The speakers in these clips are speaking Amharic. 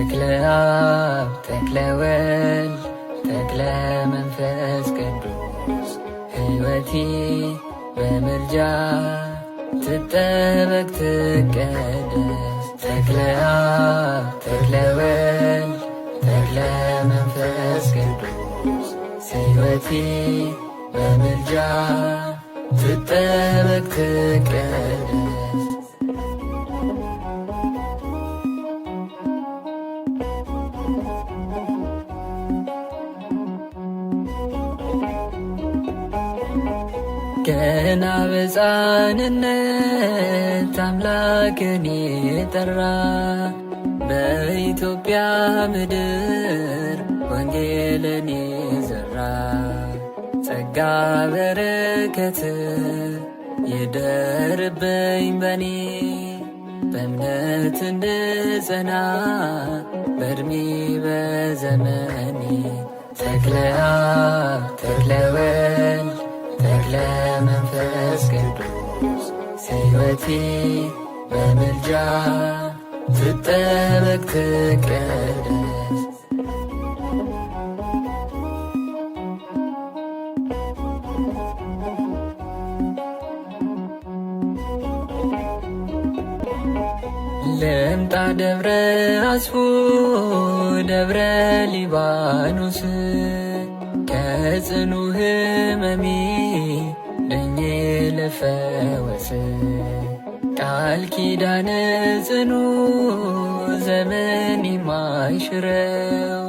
ተክለ አብ ተክለ ወልድ ተክለ መንፈስ ቅዱስ ሕይወቴ በምልጃ ትጠበቅ ትቀደስ። ተክለ አብ ተክለ ወልድ ተክለ መንፈስ ቅዱስ ሕይወቴ በምልጃ ትጠበቅ ትቀደስ። ገና በሕፃንነት አምላክን የጠራ በኢትዮጵያ ምድር ወንጌልን የዘራ ጸጋ በረከት ይደርብኝ በኔ በእምነት እንድጸና በእድሜ በዘመኔ ተክለያ ተክለወ ሕይወቴ በምልጃ ትጠበቅ ትቀደስ። ልምጣ ደብረ አስፉ ደብረ ሊባኖስ ከጽኑ ሕመሜ እኝ ልፈወስ ቃል ኪዳን ጽኑ ዘመን የማይሽረው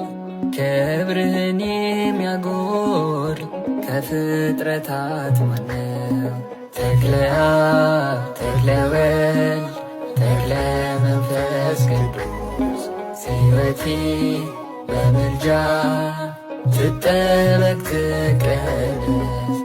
ክብርህን የሚያጎል ከፍጥረታት ማነው? ተክለ አብ ተክለ ወልድ ተክለ መንፈስ ቅዱስ ሕይወቴ በምልጃ ትጠበቅ ትቀደስ